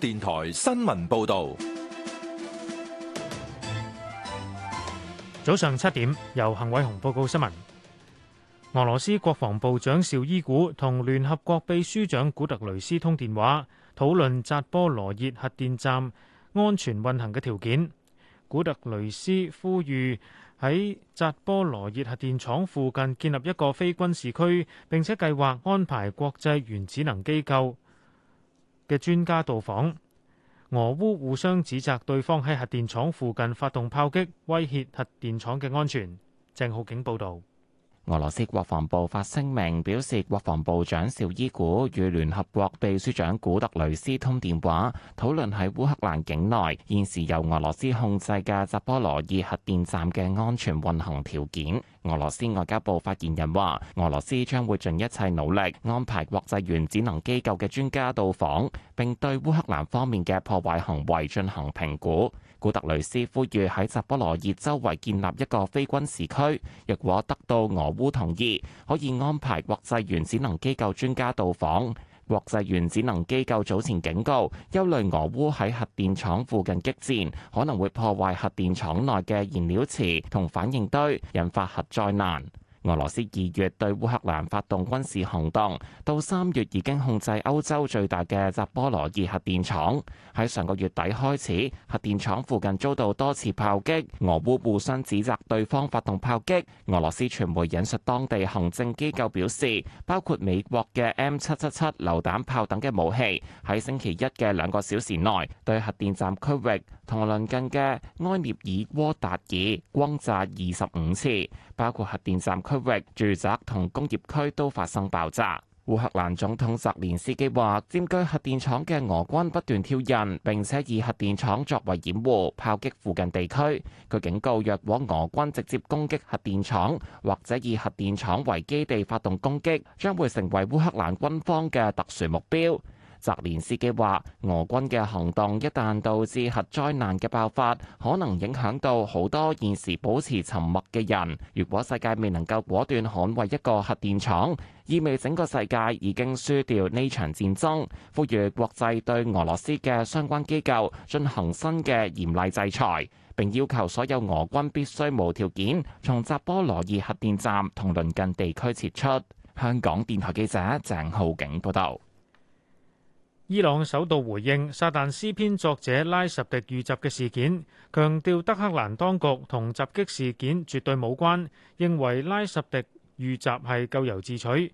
電台新聞報道：早上七點，由幸偉雄報告新聞。俄羅斯國防部長紹伊古同聯合國秘書長古特雷斯通電話，討論扎波羅熱核電站安全運行嘅條件。古特雷斯呼籲喺扎波羅熱核電廠附近建立一個非軍事區，並且計劃安排國際原子能機構。嘅專家到訪，俄烏互相指責對方喺核電廠附近發動炮擊，威脅核電廠嘅安全。鄭浩景報導。俄羅斯國防部發聲明表示，國防部長邵伊古與聯合國秘書長古特雷斯通電話，討論喺烏克蘭境內現時由俄羅斯控制嘅扎波羅熱核電站嘅安全運行條件。俄羅斯外交部發言人話：俄羅斯將會盡一切努力安排國際原子能機構嘅專家到訪，並對烏克蘭方面嘅破壞行為進行評估。古特雷斯呼籲喺扎波羅熱周圍建立一個非軍事區，若果得到俄烏同意，可以安排國際原子能機構專家到訪。國際原子能機構早前警告，憂慮俄烏喺核電廠附近激戰，可能會破壞核電廠內嘅燃料池同反應堆，引發核災難。俄羅斯二月對烏克蘭發動軍事行動，到三月已經控制歐洲最大嘅扎波羅熱核電廠。喺上個月底開始，核電廠附近遭到多次炮擊，俄烏互相指責對方發動炮擊。俄羅斯傳媒引述當地行政機構表示，包括美國嘅 M777 榴彈炮等嘅武器，喺星期一嘅兩個小時內對核電站區域同鄰近嘅埃涅爾窩達爾轟炸二十五次，包括核電站。區域、住宅同工業區都發生爆炸。烏克蘭總統澤連斯基話，佔據核電廠嘅俄軍不斷挑釁，並且以核電廠作為掩護，炮擊附近地區。佢警告，若果俄軍直接攻擊核電廠，或者以核電廠為基地發動攻擊，將會成為烏克蘭軍方嘅特殊目標。澤連斯基話：俄軍嘅行動一旦導致核災難嘅爆發，可能影響到好多現時保持沉默嘅人。如果世界未能夠果斷捍衛一個核電廠，意味整個世界已經輸掉呢場戰爭。呼籲國際對俄羅斯嘅相關機構進行新嘅嚴厲制裁，並要求所有俄軍必須無條件從扎波羅熱核電站同鄰近地區撤出。香港電台記者鄭浩景報道。伊朗首度回應《撒旦詩篇》作者拉什迪遇襲嘅事件，強調德黑蘭當局同襲擊事件絕對冇關，認為拉什迪遇襲係咎由自取。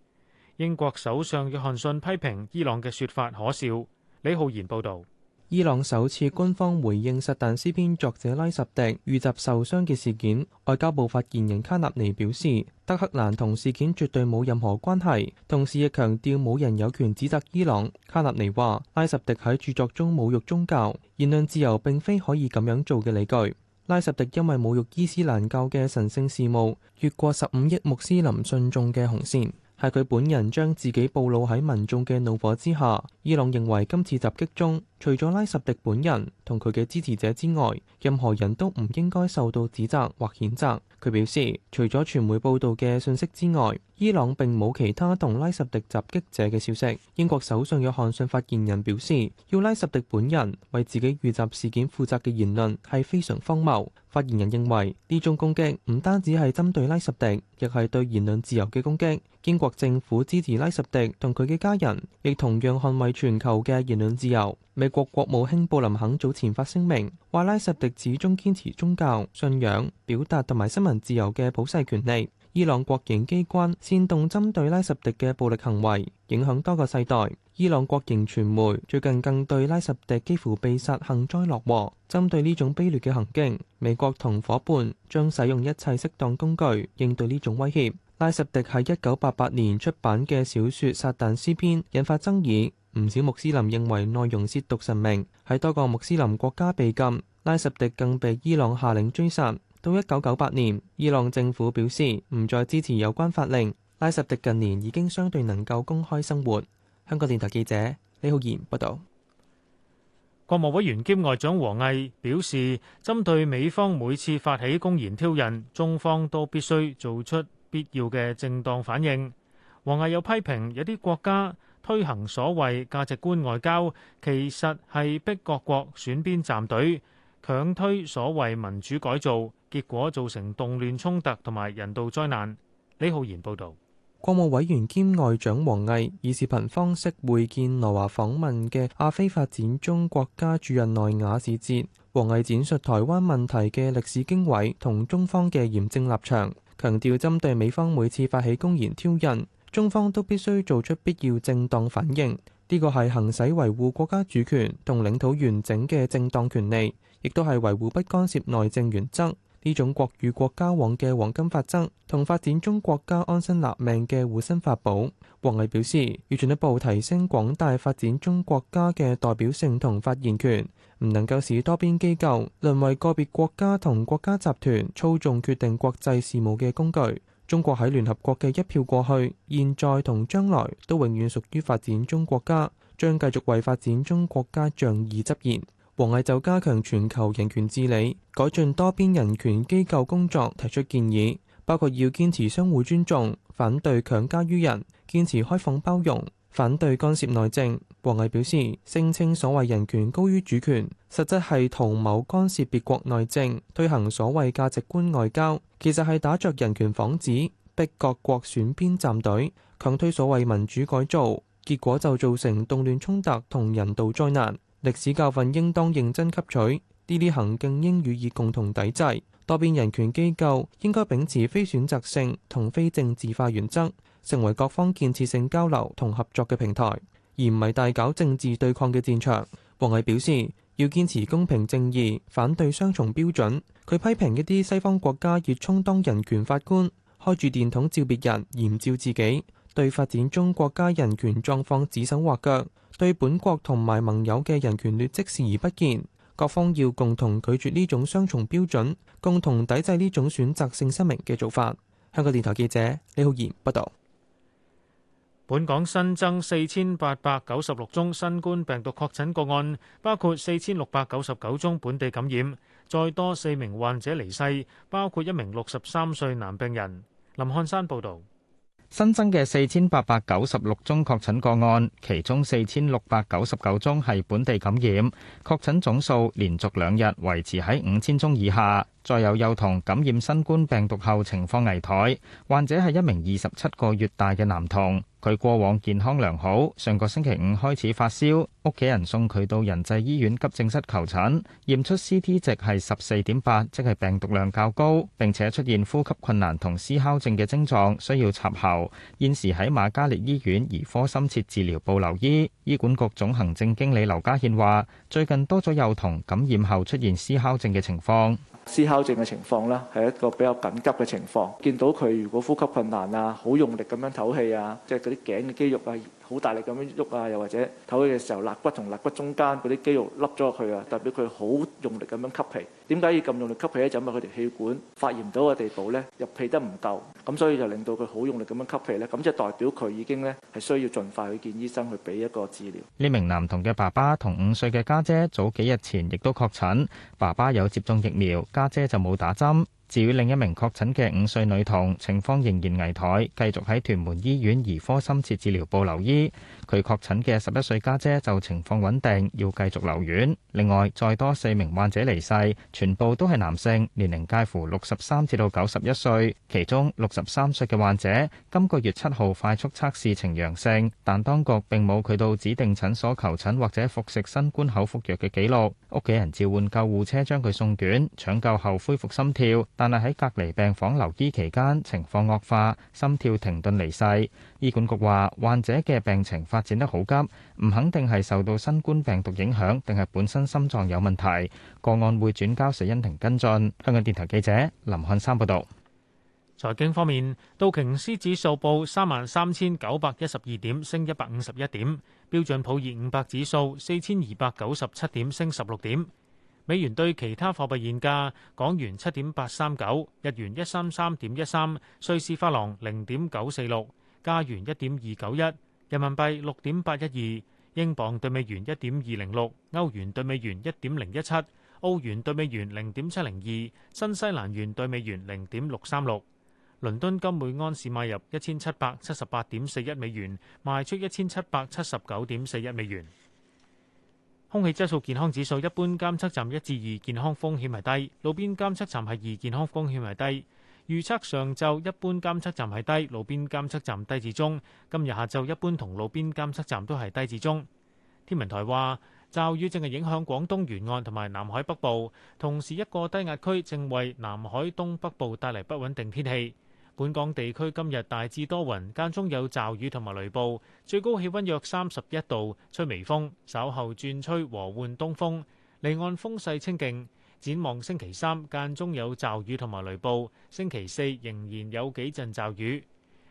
英國首相約翰遜批評伊朗嘅說法可笑。李浩然報道。伊朗首次官方回應《撒旦詩篇》作者拉什迪遇襲受傷嘅事件。外交部發言人卡納尼表示，德黑蘭同事件絕對冇任何關係，同時亦強調冇人有權指責伊朗。卡納尼話，拉什迪喺著作中侮辱宗教，言論自由並非可以咁樣做嘅理據。拉什迪因為侮辱伊斯蘭教嘅神聖事務，越過十五億穆斯林信眾嘅紅線。係佢本人將自己暴露喺民眾嘅怒火之下。伊朗認為，今次襲擊中，除咗拉什迪本人同佢嘅支持者之外，任何人都唔應該受到指責或譴責。佢表示，除咗傳媒報導嘅信息之外，伊朗並冇其他同拉什迪襲擊者嘅消息。英國首相約翰遜發言人表示，要拉什迪本人為自己遇襲事件負責嘅言論係非常荒謬。發言人認為呢種攻擊唔單止係針對拉什迪，亦係對言論自由嘅攻擊，英國政府支持拉什迪同佢嘅家人，亦同樣捍衛全球嘅言論自由。美國國務卿布林肯早前發聲明，話拉什迪始終堅持宗教信仰表達同埋新聞自由嘅普世權利。伊朗國營機關煽動針對拉什迪嘅暴力行為，影響多個世代。伊朗國營傳媒最近更對拉什迪幾乎被殺幸災樂禍。針對呢種卑劣嘅行徑，美國同伙伴將使用一切適當工具應對呢種威脅。拉什迪喺一九八八年出版嘅小說《撒旦詩篇》引發爭議，唔少穆斯林認為內容褻瀆神明，喺多個穆斯林國家被禁。拉什迪更被伊朗下令追殺。到一九九八年，伊朗政府表示唔再支持有關法令。拉什迪近年已經相對能夠公開生活。香港電台記者李浩然報道。國務委員兼外長王毅表示，針對美方每次發起公然挑釁，中方都必須做出必要嘅正當反應。王毅又批評有啲國家推行所謂價值觀外交，其實係逼各國選邊站隊，強推所謂民主改造。結果造成動亂衝突同埋人道災難。李浩然報導。國務委員兼外長王毅以視頻方式會見來華訪問嘅亞非發展中國家駐日內瓦使節。王毅闡述台灣問題嘅歷史經緯同中方嘅嚴正立場，強調針對美方每次發起公然挑釁，中方都必須做出必要正當反應。呢個係行使維護國家主權同領土完整嘅正當權利，亦都係維護不干涉內政原則。呢種國與國交往嘅黃金法則同發展中國家安身立命嘅護身法寶，王毅表示，要進一步提升廣大發展中國家嘅代表性同發言權，唔能夠使多邊機構淪為個別國家同國家集團操縱決定國際事務嘅工具。中國喺聯合國嘅一票過去、現在同將來都永遠屬於發展中國家，將繼續為發展中國家仗義執言。王毅就加強全球人權治理、改進多邊人權機構工作提出建議，包括要堅持相互尊重、反對強加於人、堅持開放包容、反對干涉內政。王毅表示，聲稱所謂人權高於主權，實質係圖謀干涉別國內政、推行所謂價值觀外交，其實，係打着人權幌子，逼各國選邊站隊，強推所謂民主改造，結果就造成動亂衝突同人道災難。歷史教訓應當認真吸取，呢啲行徑應予以共同抵制。多邊人權機構應該秉持非選擇性同非政治化原則，成為各方建設性交流同合作嘅平台，而唔係大搞政治對抗嘅戰場。王毅表示，要堅持公平正義，反對雙重標準。佢批評一啲西方國家熱充當人權法官，開住電筒照別人，嫌照自己。對發展中國家人權狀況指手畫腳，對本國同埋盟友嘅人權劣跡視而不見，各方要共同拒絕呢種雙重標準，共同抵制呢種選擇性失明嘅做法。香港電台記者李浩然報道。本港新增四千八百九十六宗新冠病毒確診個案，包括四千六百九十九宗本地感染，再多四名患者離世，包括一名六十三歲男病人。林漢山報道。新增嘅四千八百九十六宗確診個案，其中四千六百九十九宗係本地感染，確診總數連續兩日維持喺五千宗以下。再有幼童感染新冠病毒後情況危殆，患者係一名二十七個月大嘅男童。佢過往健康良好，上個星期五開始發燒，屋企人送佢到仁濟醫院急症室求診，驗出 C T 值係十四點八，即係病毒量較高，並且出現呼吸困難同哮吼症嘅症狀，需要插喉。現時喺瑪嘉烈醫院兒科深切治療部留醫，醫管局總行政經理劉家獻話最近多咗幼童感染後出現哮吼症嘅情況。思考症嘅情況啦，係一個比較緊急嘅情況。見到佢如果呼吸困難啊，好用力咁樣唞氣啊，即係嗰啲頸嘅肌肉啊，好大力咁樣喐啊！又或者唞氣嘅時候，肋骨同肋骨中間嗰啲肌肉凹咗落去啊！代表佢好用力咁樣吸氣。點解要咁用力吸氣咧？就因為佢條氣管發炎到個地步咧，入氣得唔夠，咁所以就令到佢好用力咁樣吸氣咧。咁即係代表佢已經咧係需要盡快去見醫生去俾一個治療。呢名男童嘅爸爸同五歲嘅家姐早幾日前亦都確診，爸爸有接種疫苗，家姐就冇打針。至於另一名確診嘅五歲女童，情況仍然危殆，繼續喺屯門醫院兒科深切治療部留醫。佢確診嘅十一歲家姐就情況穩定，要繼續留院。另外，再多四名患者離世，全部都係男性，年齡介乎六十三至到九十一歲。其中六十三歲嘅患者今個月七號快速測試呈陽性，但當局並冇佢到指定診所求診或者服食新冠口服藥嘅記錄。屋企人召喚救護車將佢送院搶救後，恢復心跳。但係喺隔離病房留醫期間，情況惡化，心跳停頓離世。醫管局話，患者嘅病情發展得好急，唔肯定係受到新冠病毒影響，定係本身心臟有問題。個案會轉交死因庭跟進。香港電台記者林漢山報道。財經方面，道瓊斯指數報三萬三千九百一十二點，升一百五十一點；標準普爾五百指數四千二百九十七點，升十六點。美元兌其他貨幣現價：港元七點八三九，日元一三三點一三，瑞士法郎零點九四六，加元一點二九一，人民幣六點八一二，英鎊對美元一點二零六，歐元對美元一點零一七，澳元對美元零點七零二，新西蘭元對美元零點六三六。倫敦金每安士買入一千七百七十八點四一美元，賣出一千七百七十九點四一美元。空氣質素健康指數一般監測站一至二，健康風險係低；路邊監測站係二，健康風險係低。預測上晝一般監測站係低，路邊監測站低至中。今日下晝一般同路邊監測站都係低至中。天文台話，驟雨正係影響廣東沿岸同埋南海北部，同時一個低壓區正為南海東北部帶嚟不穩定天氣。本港地區今日大致多雲，間中有驟雨同埋雷暴，最高氣溫約三十一度，吹微風，稍後轉吹和緩東風。離岸風勢清勁。展望星期三間中有驟雨同埋雷暴，星期四仍然有幾陣驟雨。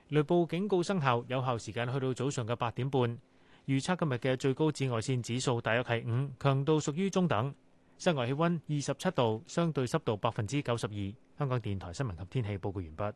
雷暴警告生效，有效時間去到早上嘅八點半。預測今日嘅最高紫外線指數大約係五，強度屬於中等。室外氣溫二十七度，相對濕度百分之九十二。香港電台新聞及天氣報告完畢。